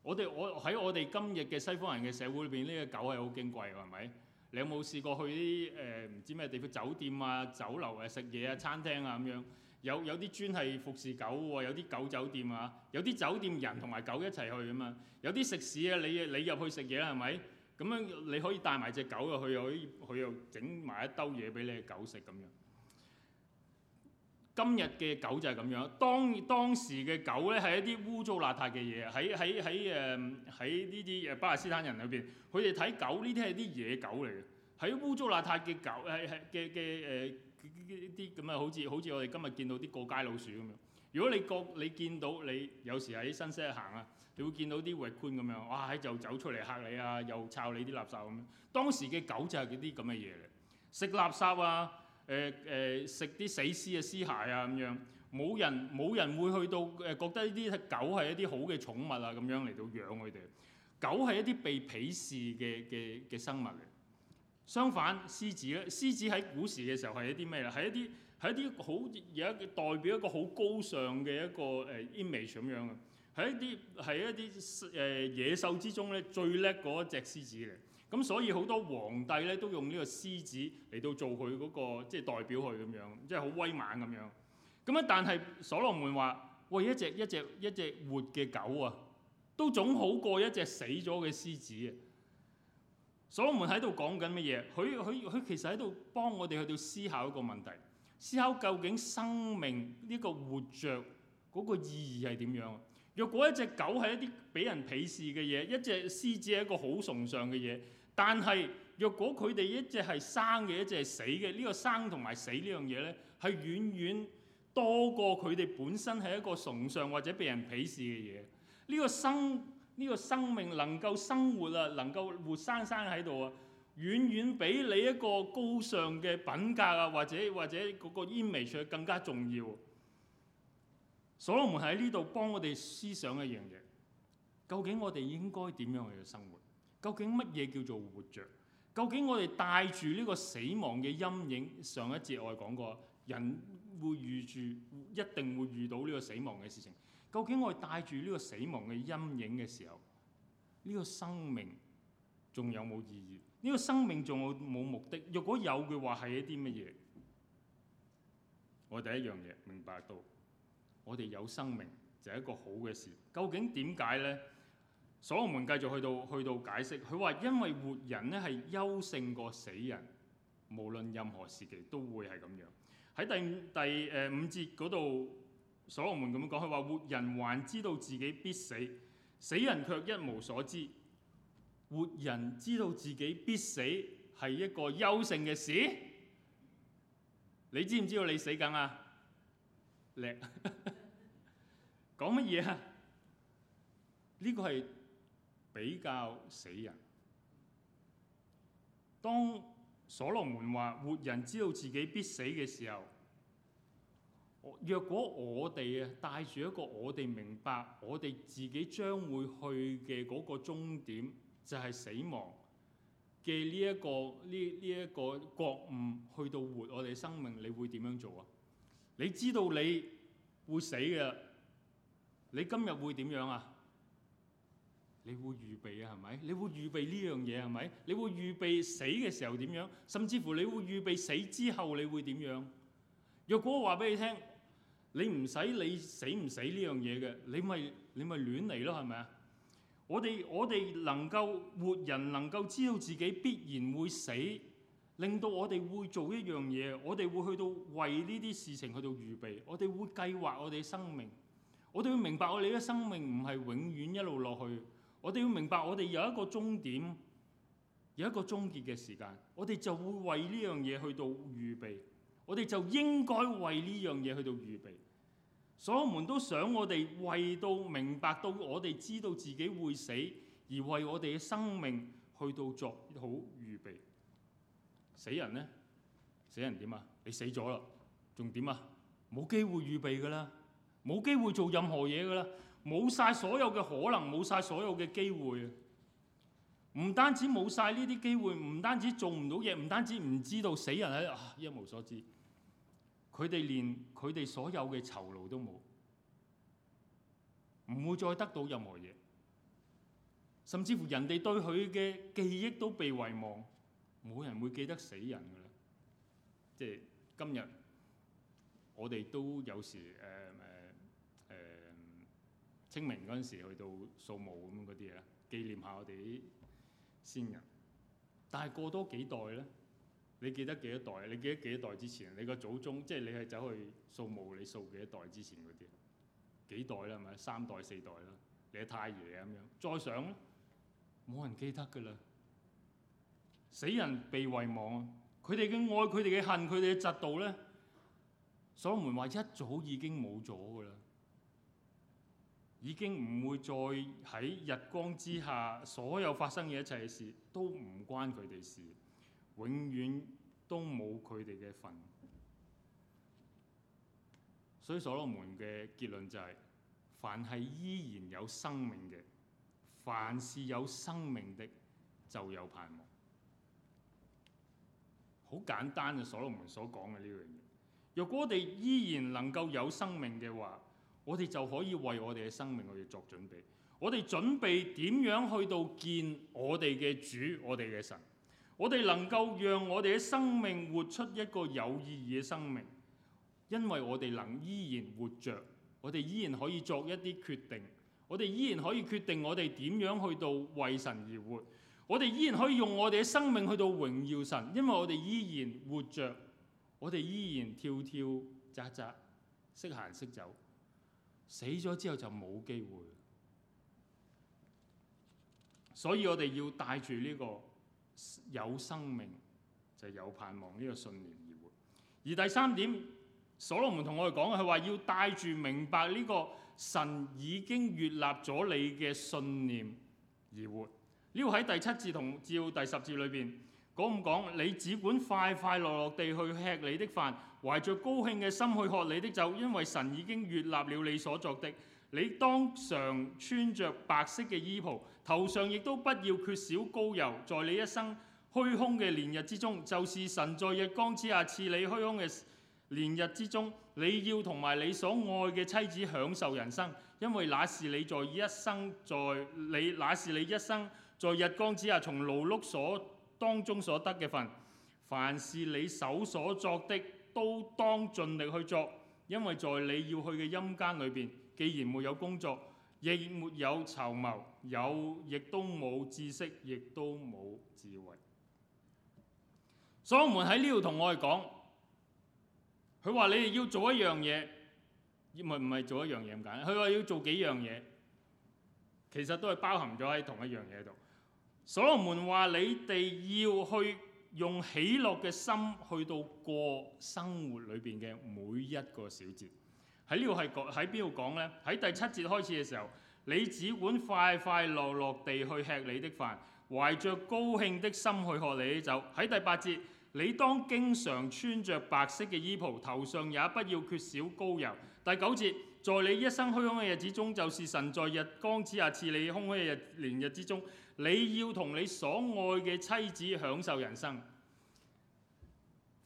我哋我喺我哋今日嘅西方人嘅社會裏邊，呢個狗係好矜貴㗎，係咪？你有冇試過去啲誒唔知咩地方酒店啊、酒樓誒食嘢啊、餐廳啊咁樣？有有啲專係服侍狗喎，有啲狗酒店啊，有啲酒店人同埋狗一齊去啊嘛。有啲食肆啊，你你入去食嘢啦，係咪？咁樣你可以帶埋隻狗啊，佢又可以佢又整埋一兜嘢俾你狗食咁樣。今日嘅狗就係咁樣，當當時嘅狗咧係一啲污糟邋遢嘅嘢，喺喺喺誒喺呢啲巴勒斯坦人裏邊，佢哋睇狗呢啲係啲野狗嚟嘅，喺污糟邋遢嘅狗係係嘅嘅誒啲咁啊好似好似我哋今日見到啲過街老鼠咁樣。如果你覺你見到你有時喺新市行啊，你會見到啲 p e t 咁樣，哇！就走出嚟嚇你啊，又摷你啲垃圾咁樣。當時嘅狗就係嗰啲咁嘅嘢嚟：食垃圾啊，誒、呃、誒食啲死屍、屍啊、屍骸啊咁樣，冇人冇人會去到誒覺得呢啲狗係一啲好嘅寵物啊咁樣嚟到養佢哋。狗係一啲被鄙視嘅嘅嘅生物嚟。相反，獅子咧，獅子喺古時嘅時候係一啲咩咧？係一啲。係一啲好有一個一代表一個好高尚嘅一個誒 image 咁樣嘅，係一啲係一啲誒野獸之中咧最叻嗰隻獅子嚟，咁所以好多皇帝咧都用呢個獅子嚟到做佢嗰個即係代表佢咁樣，即係好威猛咁樣。咁啊，但係所羅門話：喂，一隻一隻一隻活嘅狗啊，都總好過一隻死咗嘅獅子。所羅門喺度講緊乜嘢？佢佢佢其實喺度幫我哋去到思考一個問題。思考究竟生命呢個活著嗰個意義係點樣。若果一隻狗係一啲俾人鄙視嘅嘢，一隻獅子係一個好崇尚嘅嘢，但係若果佢哋一隻係生嘅，一隻係死嘅，呢個生同埋死呢樣嘢咧，係遠遠多過佢哋本身係一個崇尚或者被人鄙視嘅嘢。呢個生呢個生命能夠生活啊，能夠活生生喺度啊！遠遠比你一個高尚嘅品格啊，或者或者嗰個 image 更加重要。所羅門喺呢度幫我哋思想一樣嘢，究竟我哋應該點樣去生活？究竟乜嘢叫做活着？究竟我哋帶住呢個死亡嘅陰影？上一節我哋講過，人會遇住，一定會遇到呢個死亡嘅事情。究竟我哋帶住呢個死亡嘅陰影嘅時候，呢個生命仲有冇意義？呢個生命仲冇冇目的？若果有嘅話，係一啲乜嘢？我第一樣嘢明白到，我哋有生命就係一個好嘅事。究竟點解呢？所羅門繼續去到去到解釋，佢話因為活人呢，係優勝過死人，無論任何時期都會係咁樣。喺第五第五節嗰度，所羅門咁樣講，佢話活人還知道自己必死，死人卻一無所知。活人知道自己必死係一個優勝嘅事，你知唔知道你死緊啊？叻，講乜嘢啊？呢個係比較死人。當所羅門話活人知道自己必死嘅時候，若果我哋啊帶住一個我哋明白我哋自己將會去嘅嗰個終點。就係、是、死亡嘅呢一個呢呢一個國誤去到活我哋生命，你會點樣做啊？你知道你會死嘅，你今日會點樣啊？你會預備啊？係咪？你會預備呢樣嘢，係咪？你會預備死嘅時候點樣？甚至乎你會預備死之後你會點樣？若果我話俾你聽，你唔使你死唔死呢樣嘢嘅，你咪你咪亂嚟咯，係咪啊？我哋我哋能夠活人，能夠知道自己必然會死，令到我哋會做一樣嘢，我哋會去到為呢啲事情去到預備，我哋會計劃我哋生命，我哋會明白我哋嘅生命唔係永遠一路落去，我哋要明白我哋有一個終點，有一個終結嘅時間，我哋就會為呢樣嘢去到預備，我哋就應該為呢樣嘢去到預備。所以我哋都想我哋為到明白到我哋知道自己會死，而為我哋嘅生命去到作好預備。死人呢？死人點啊？你死咗啦，仲點啊？冇機會預備噶啦，冇機會做任何嘢噶啦，冇晒所有嘅可能，冇晒所有嘅機會。唔單止冇晒呢啲機會，唔單止做唔到嘢，唔單止唔知道死人係一無所知。佢哋連佢哋所有嘅酬勞都冇，唔會再得到任何嘢，甚至乎人哋對佢嘅記憶都被遺忘，冇人會記得死人㗎啦。即係今日，我哋都有時誒誒誒清明嗰陣時去到掃墓咁嗰啲啊，紀念下我哋啲先人，但係過多幾代咧。你記得幾多代？你記得幾多代之前？你個祖宗，即係你係走去掃墓，你掃幾多代之前嗰啲？幾代啦，係咪？三代、四代啦，你太爺咁樣。再上冇人記得㗎啦。死人被遺忘，佢哋嘅愛，佢哋嘅恨，佢哋嘅嫉妒咧，所門話一早已經冇咗㗎啦，已經唔會再喺日光之下，所有發生嘅一切嘅事都唔關佢哋事。永遠都冇佢哋嘅份，所以所羅門嘅結論就係，凡係依然有生命嘅，凡是有生命的就有盼望。好簡單啊！所羅門所講嘅呢樣嘢，若果我哋依然能夠有生命嘅話，我哋就可以為我哋嘅生命去做準備。我哋準備點樣去到見我哋嘅主，我哋嘅神。我哋能夠讓我哋嘅生命活出一個有意義嘅生命，因為我哋能依然活着。我哋依然可以作一啲決定，我哋依然可以決定我哋點樣去到為神而活，我哋依然可以用我哋嘅生命去到榮耀神，因為我哋依然活着。我哋依然跳跳扎紮，識行識走。死咗之後就冇機會，所以我哋要帶住呢個。有生命就是、有盼望呢、這個信念而活。而第三點，所羅門同我哋講係，話要帶住明白呢個神已經悅納咗你嘅信念而活。呢個喺第七字同照第十字裏邊講，唔講，你只管快快樂樂地去吃你的飯，懷着高興嘅心去喝你的酒，因為神已經悅納了你所作的。你當常穿着白色嘅衣袍，頭上亦都不要缺少膏油。在你一生虛空嘅連日之中，就是神在日光之下賜你虛空嘅連日之中，你要同埋你所愛嘅妻子享受人生，因為那是你在一生在你那是你一生在日光之下從勞碌所當中所得嘅份。凡是你手所作的，都當盡力去作，因為在你要去嘅陰間裏邊。既然沒有工作，亦沒有籌謀，有亦都冇知識，亦都冇智慧。所羅門喺呢度同我哋講，佢話你哋要做一樣嘢，唔係，唔係做一樣嘢咁簡單。佢話要做幾樣嘢，其實都係包含咗喺同一樣嘢度。所羅門話你哋要去用喜樂嘅心去到過生活裏邊嘅每一個小節。喺呢個係喺邊度講呢？喺第七節開始嘅時候，你只管快快樂樂地去吃你的飯，懷着高興的心去喝你的酒。喺第八節，你當經常穿着白色嘅衣袍，頭上也不要缺少膏油。第九節，在你一生虛空嘅日子中，就是神在日光之下賜你空虛嘅日連日之中，你要同你所愛嘅妻子享受人生，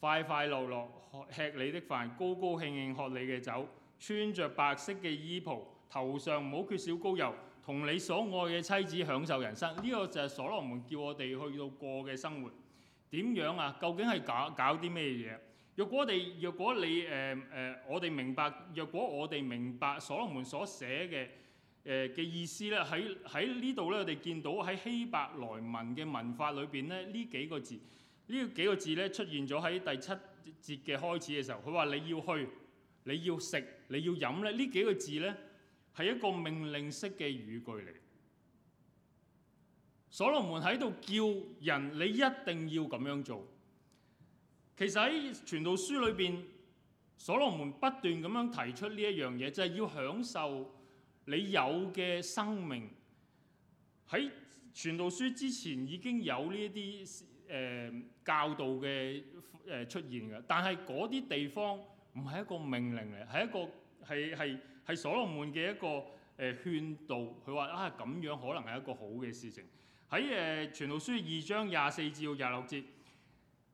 快快樂樂吃你的飯，高高興興喝你嘅酒。穿着白色嘅衣袍，頭上冇缺少膏油，同你所愛嘅妻子享受人生。呢、這個就係所羅門叫我哋去到過嘅生活。點樣啊？究竟係搞搞啲咩嘢？若果我哋，若果你誒誒、呃呃，我哋明白，若果我哋明白所羅門所寫嘅誒嘅意思咧，喺喺呢度咧，我哋見到喺希伯來文嘅文化裏邊咧，呢幾個字，呢幾個字咧出現咗喺第七節嘅開始嘅時候，佢話你要去。你要食，你要飲咧？呢幾個字呢，係一個命令式嘅語句嚟。所羅門喺度叫人，你一定要咁樣做。其實喺傳道書裏邊，所羅門不斷咁樣提出呢一樣嘢，就係要享受你有嘅生命。喺傳道書之前已經有呢啲誒教導嘅誒、呃、出現嘅，但係嗰啲地方，唔係一個命令嚟，係一個係係係所羅門嘅一個誒勸導。佢、呃、話啊，咁樣可能係一個好嘅事情。喺誒、呃、傳道書二章廿四至廿六節，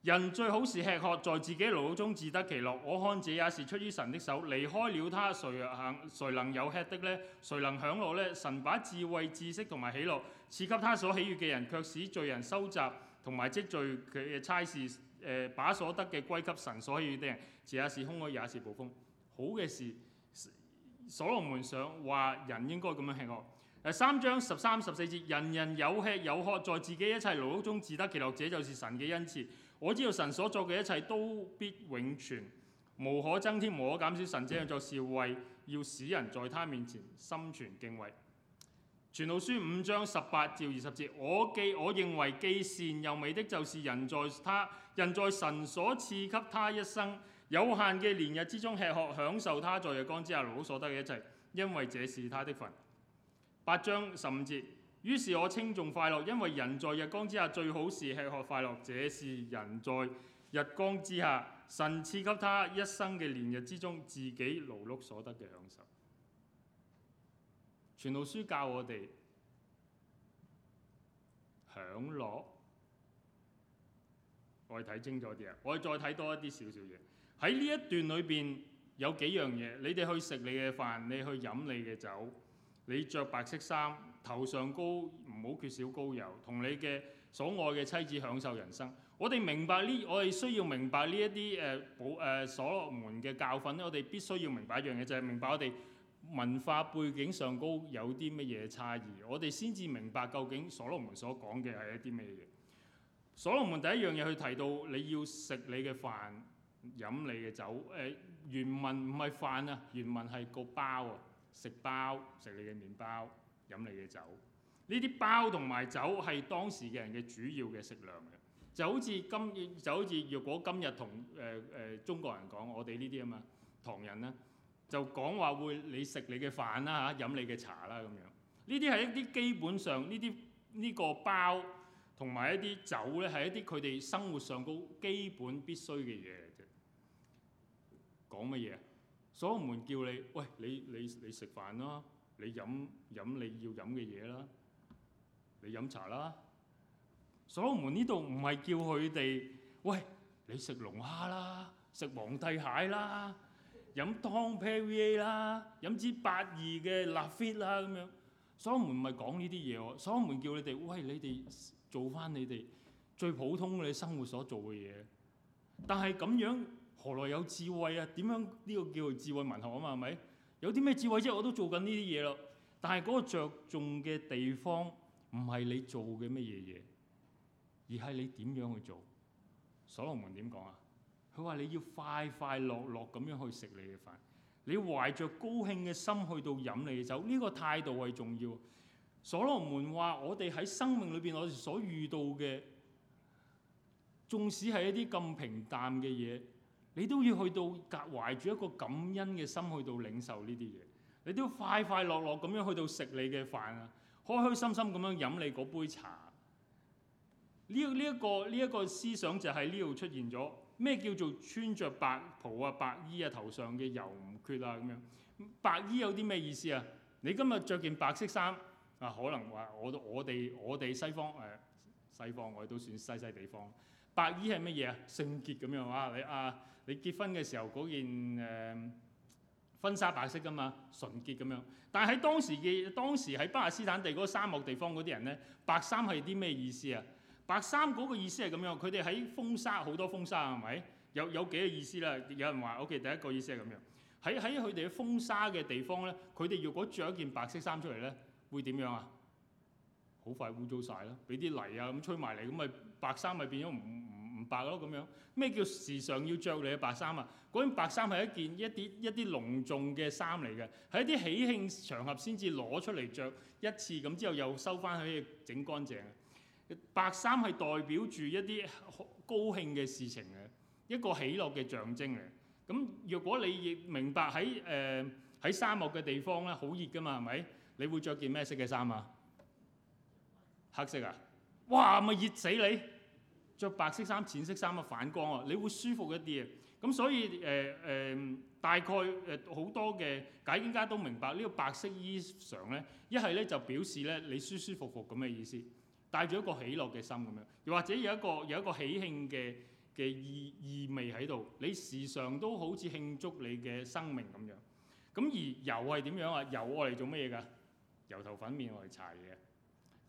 人最好是吃喝，在自己勞碌中自得其樂。我看這也是出於神的手。離開了他誰，誰行誰能有吃的呢？誰能享樂呢？神把智慧、知識同埋喜樂賜給他所喜悅嘅人，卻使罪人收集同埋積聚佢嘅差事。把所得嘅歸給神所要定，時也是空，果也也是暴風。好嘅事，所羅門想話人應該咁樣吃我。第三章十三十四節，人人有吃有喝，在自己一切勞碌中自得其樂，這就是神嘅恩賜。我知道神所作嘅一切都必永存，無可增添，無可減少。神這樣做是為要使人在他面前心存敬畏。傳道書五章十八至二十節，我既我認為既善又美的就是人在他。人在神所賜給他一生有限嘅年日之中吃喝享受他在日光之下勞碌所得嘅一切，因為這是他的份。八章十五節，於是我稱讚快樂，因為人在日光之下最好是吃喝快樂，這是人在日光之下神賜給他一生嘅年日之中自己勞碌所得嘅享受。傳道書教我哋享樂。我哋睇清楚啲啊！我哋再睇多一啲少少嘢。喺呢一段裏邊有幾樣嘢，你哋去食你嘅飯，你去飲你嘅酒，你着白色衫，頭上高唔好缺少膏油，同你嘅所愛嘅妻子享受人生。我哋明白呢，我哋需要明白呢一啲誒保誒、啊、所羅門嘅教訓咧。我哋必須要明白一樣嘢，就係、是、明白我哋文化背景上高有啲乜嘢差異，我哋先至明白究竟所羅門所講嘅係一啲咩嘢。所羅門第一樣嘢，去提到你要食你嘅飯，飲你嘅酒。誒，原文唔係飯啊，原文係個包啊，食包，食你嘅麵包，飲你嘅酒。呢啲包同埋酒係當時嘅人嘅主要嘅食量啊，就好似今就好似如果今日同誒誒中國人講，我哋呢啲啊嘛，唐人啦，就講話會你食你嘅飯啦嚇，飲你嘅茶啦咁樣。呢啲係一啲基本上呢啲呢個包，同埋一啲酒咧，係一啲佢哋生活上嘅基本必須嘅嘢嚟啫。講乜嘢？所羅門叫你喂，你你你食飯啦，你飲飲你要飲嘅嘢啦，你飲茶啦。所羅門呢度唔係叫佢哋喂，你食龍蝦啦，食皇帝蟹啦，飲湯 Perrier 啦，飲支八二嘅 Lafite 啦咁樣。所羅門唔係講呢啲嘢喎，所羅門叫你哋喂，你哋。做翻你哋最普通嘅你生活所做嘅嘢，但係咁樣何來有智慧啊？點樣呢個叫做智慧文學吖嘛？係咪？有啲咩智慧啫、啊？我都做緊呢啲嘢咯。但係嗰個著重嘅地方唔係你做嘅乜嘢嘢，而係你點樣去做。《所羅門》點講啊？佢話你要快快樂樂咁樣去食你嘅飯，你懷着高興嘅心去到飲你嘅酒，呢個態度係重要。所羅門話：我哋喺生命裏邊，我哋所遇到嘅，縱使係一啲咁平淡嘅嘢，你都要去到隔懷住一個感恩嘅心去到領受呢啲嘢。你都要快快樂樂咁樣去到食你嘅飯啊，開開心心咁樣飲你嗰杯茶。呢、這個呢一、這個呢一、這個思想就喺呢度出現咗。咩叫做穿着白袍啊、白衣啊、頭上嘅油唔缺啊咁樣？白衣有啲咩意思啊？你今日着件白色衫。啊，可能話我都我哋我哋西方誒西方，西方我哋都算西西地方。白衣係乜嘢啊？聖潔咁樣啊！你啊，你結婚嘅時候嗰件誒、嗯、婚紗白色噶嘛，純潔咁樣。但係喺當時嘅當時喺巴勒斯坦地嗰個沙漠地方嗰啲人咧，白衫係啲咩意思啊？白衫嗰個意思係咁樣，佢哋喺風沙好多風沙係咪？有有幾個意思咧？有人話 OK，第一個意思係咁樣喺喺佢哋嘅風沙嘅地方咧，佢哋如果着一件白色衫出嚟咧。會點樣啊？好快污糟晒啦！俾啲泥啊咁吹埋嚟，咁咪白衫咪變咗唔唔唔白咯咁樣。咩叫時常要着你嘅白衫啊？嗰件白衫係一件一啲一啲隆重嘅衫嚟嘅，係一啲喜慶場合先至攞出嚟着一次，咁之後又收翻去整乾淨。白衫係代表住一啲高興嘅事情嘅，一個喜樂嘅象徵嚟。咁若果你亦明白喺誒喺沙漠嘅地方咧，好熱㗎嘛，係咪？你會着件咩色嘅衫啊？黑色啊？哇！咪熱死你！着白色衫、淺色衫啊，反光啊，你會舒服一啲啊！咁所以誒誒、呃呃，大概誒好、呃、多嘅解經家都明白呢、這個白色衣裳咧，一係咧就表示咧你舒舒服服咁嘅意思，帶住一個喜樂嘅心咁樣，又或者有一個有一個喜慶嘅嘅意意味喺度，你時常都好似慶祝你嘅生命咁樣。咁而油係點樣啊？油我嚟做咩嘢㗎？油頭粉面嚟搽嘢，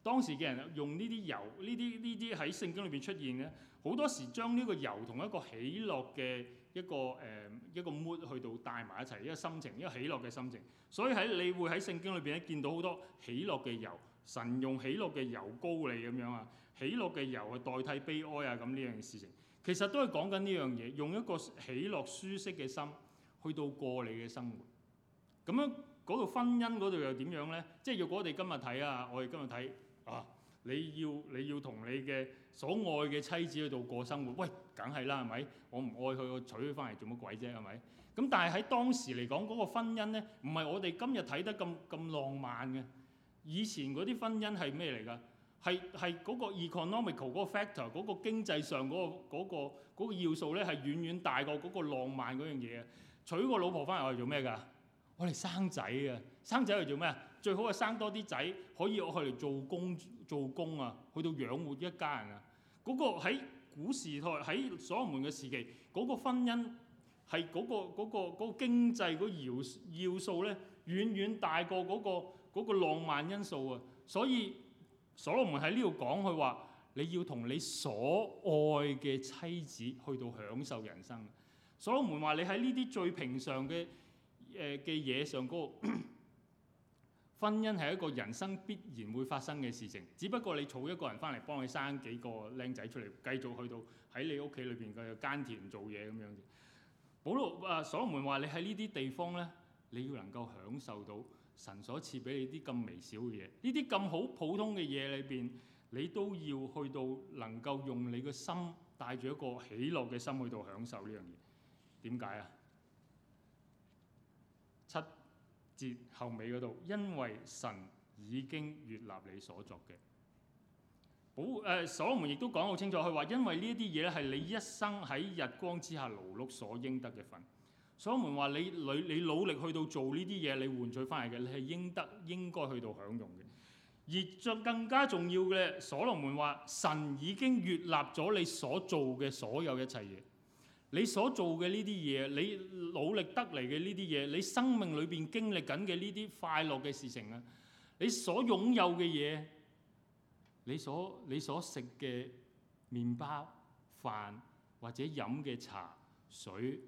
當時嘅人用呢啲油，呢啲呢啲喺聖經裏邊出現咧，好多時將呢個油同一個喜樂嘅一個誒、呃、一個 mood 去到帶埋一齊，一個心情，一個喜樂嘅心情，所以喺你會喺聖經裏邊咧見到好多喜樂嘅油，神用喜樂嘅油膏你咁樣啊，喜樂嘅油去代替悲哀啊，咁呢樣嘅事情其實都係講緊呢樣嘢，用一個喜樂舒適嘅心去到過你嘅生活，咁樣。嗰個婚姻嗰度又點樣呢？即係如果我哋今日睇啊，我哋今日睇啊，你要你要同你嘅所愛嘅妻子嗰度過生活，喂，梗係啦，係咪？我唔愛佢，我娶佢翻嚟做乜鬼啫？係咪？咁但係喺當時嚟講，嗰個婚姻呢，唔係我哋今日睇得咁咁浪漫嘅。以前嗰啲婚姻係咩嚟㗎？係係嗰個 economical 嗰個 factor，嗰個經濟上嗰個嗰個嗰個要素呢，係遠遠大過嗰個浪漫嗰樣嘢。娶個老婆翻嚟，我係做咩㗎？我哋生仔啊，生仔嚟做咩啊？最好係生多啲仔，可以我去嚟做工、做工啊，去到養活一家人啊。嗰個喺古時代喺所羅門嘅時期，嗰個婚姻係嗰個嗰個嗰個嗰個經濟嗰個要要素咧，遠遠大過嗰個嗰個浪漫因素啊。所以所羅門喺呢度講佢話：你要同你所愛嘅妻子去到享受人生。所羅門話：你喺呢啲最平常嘅。誒嘅嘢上高， 婚姻係一個人生必然會發生嘅事情。只不過你娶一個人翻嚟幫你生幾個靚仔出嚟，繼續去到喺你屋企裏邊嘅耕田做嘢咁樣。保羅啊，所羅門話你喺呢啲地方呢，你要能夠享受到神所賜俾你啲咁微小嘅嘢，呢啲咁好普通嘅嘢裏邊，你都要去到能夠用你嘅心帶住一個喜樂嘅心去到享受呢樣嘢。點解啊？節後尾嗰度，因為神已經悅納你所作嘅。保誒、呃、所羅門亦都講好清楚，佢話因為呢啲嘢係你一生喺日光之下勞碌所應得嘅份。所羅門話你努你，你努力去到做呢啲嘢，你換取翻嚟嘅，你係應得應該去到享用嘅。而仲更加重要嘅，所羅門話神已經悅納咗你所做嘅所有一切嘢。你所做嘅呢啲嘢，你努力得嚟嘅呢啲嘢，你生命裏邊經歷緊嘅呢啲快樂嘅事情啊，你所擁有嘅嘢，你所你所食嘅麵包飯或者飲嘅茶水，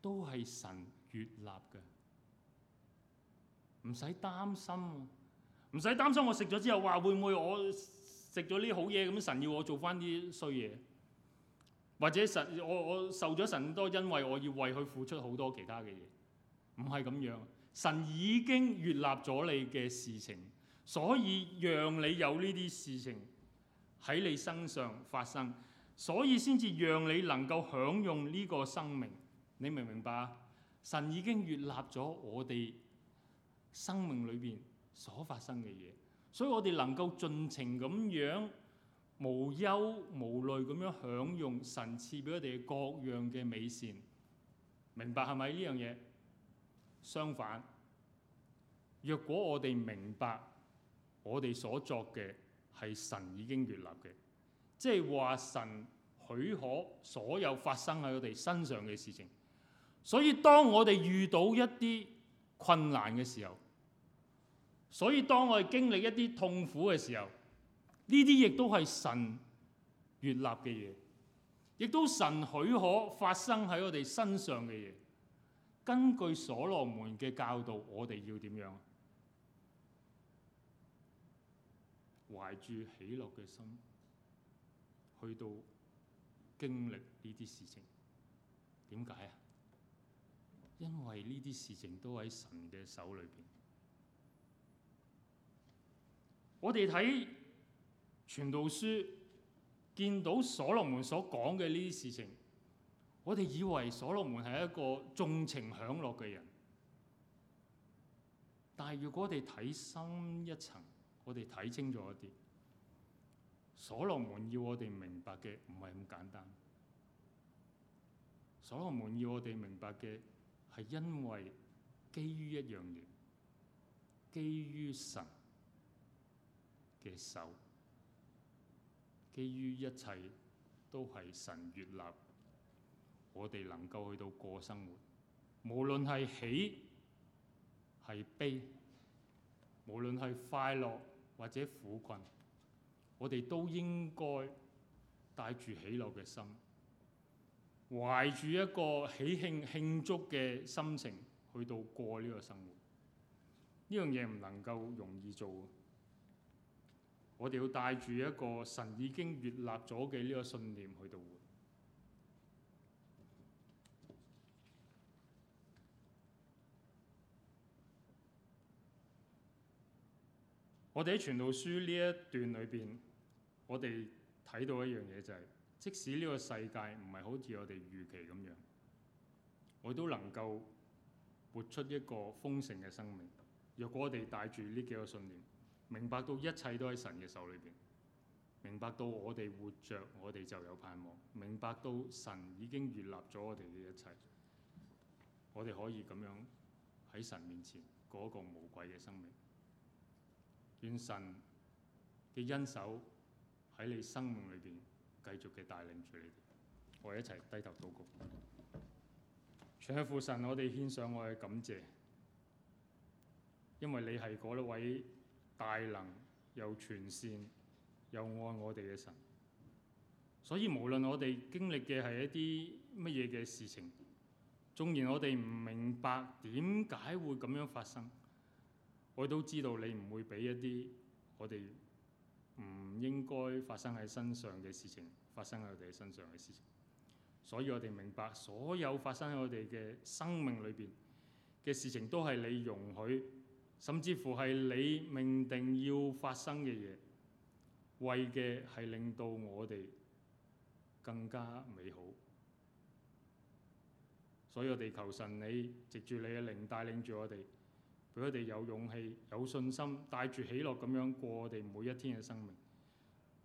都係神悦納嘅，唔使擔心，唔使擔心我食咗之後話會唔會我食咗呢啲好嘢咁，神要我做翻啲衰嘢。或者神，我我受咗神多，因為我要為佢付出好多其他嘅嘢，唔係咁樣。神已經悅納咗你嘅事情，所以讓你有呢啲事情喺你身上發生，所以先至讓你能夠享用呢個生命。你明唔明白啊？神已經悅納咗我哋生命裏邊所發生嘅嘢，所以我哋能夠盡情咁樣。無憂無慮咁樣享用神賜俾我哋各樣嘅美善，明白係咪呢樣嘢？相反，若果我哋明白我哋所作嘅係神已經確立嘅，即係話神許可所有發生喺我哋身上嘅事情。所以當我哋遇到一啲困難嘅時候，所以當我哋經歷一啲痛苦嘅時候，呢啲亦都係神悅納嘅嘢，亦都神許可發生喺我哋身上嘅嘢。根據所羅門嘅教導，我哋要點樣？懷住喜樂嘅心去到經歷呢啲事情，點解啊？因為呢啲事情都喺神嘅手裏邊，我哋睇。傳道書見到所羅門所講嘅呢啲事情，我哋以為所羅門係一個縱情享樂嘅人，但係如果我哋睇深一層，我哋睇清楚一啲。所羅門要我哋明白嘅唔係咁簡單，所羅門要我哋明白嘅係因為基於一樣嘢，基於神嘅手。基於一切都係神悅納，我哋能夠去到過生活。無論係喜係悲，無論係快樂或者苦困，我哋都應該帶住喜樂嘅心，懷住一個喜慶慶祝嘅心情去到過呢個生活。呢樣嘢唔能夠容易做。我哋要帶住一個神已經悅納咗嘅呢個信念去到活。我哋喺傳道書呢一段裏邊，我哋睇到的一樣嘢就係，即使呢個世界唔係好似我哋預期咁樣，我都能夠活出一個豐盛嘅生命。若果我哋帶住呢幾個信念。明白到一切都喺神嘅手裏邊，明白到我哋活着，我哋就有盼望；明白到神已經預立咗我哋嘅一切，我哋可以咁樣喺神面前過一個無鬼嘅生命。願神嘅恩手喺你生命裏邊繼續嘅帶領住你哋，我哋一齊低頭禱告。全父神，我哋獻上我嘅感謝，因為你係嗰一位，大能又全善又愛我哋嘅神，所以無論我哋經歷嘅係一啲乜嘢嘅事情，縱然我哋唔明白點解會咁樣發生，我都知道你唔會俾一啲我哋唔應該發生喺身上嘅事情發生喺我哋身上嘅事情。所以我哋明白所有發生喺我哋嘅生命裏邊嘅事情，都係你容許。甚至乎係你命定要發生嘅嘢，為嘅係令到我哋更加美好。所以我哋求神你，藉你藉住你嘅靈帶領住我哋，俾我哋有勇氣、有信心，帶住喜樂咁樣過我哋每一天嘅生命。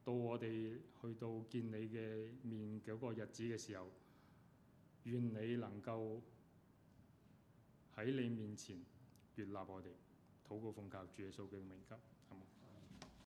到我哋去到見你嘅面嗰、那個日子嘅時候，願你能夠喺你面前悅納我哋。禱告奉教主耶穌嘅名給。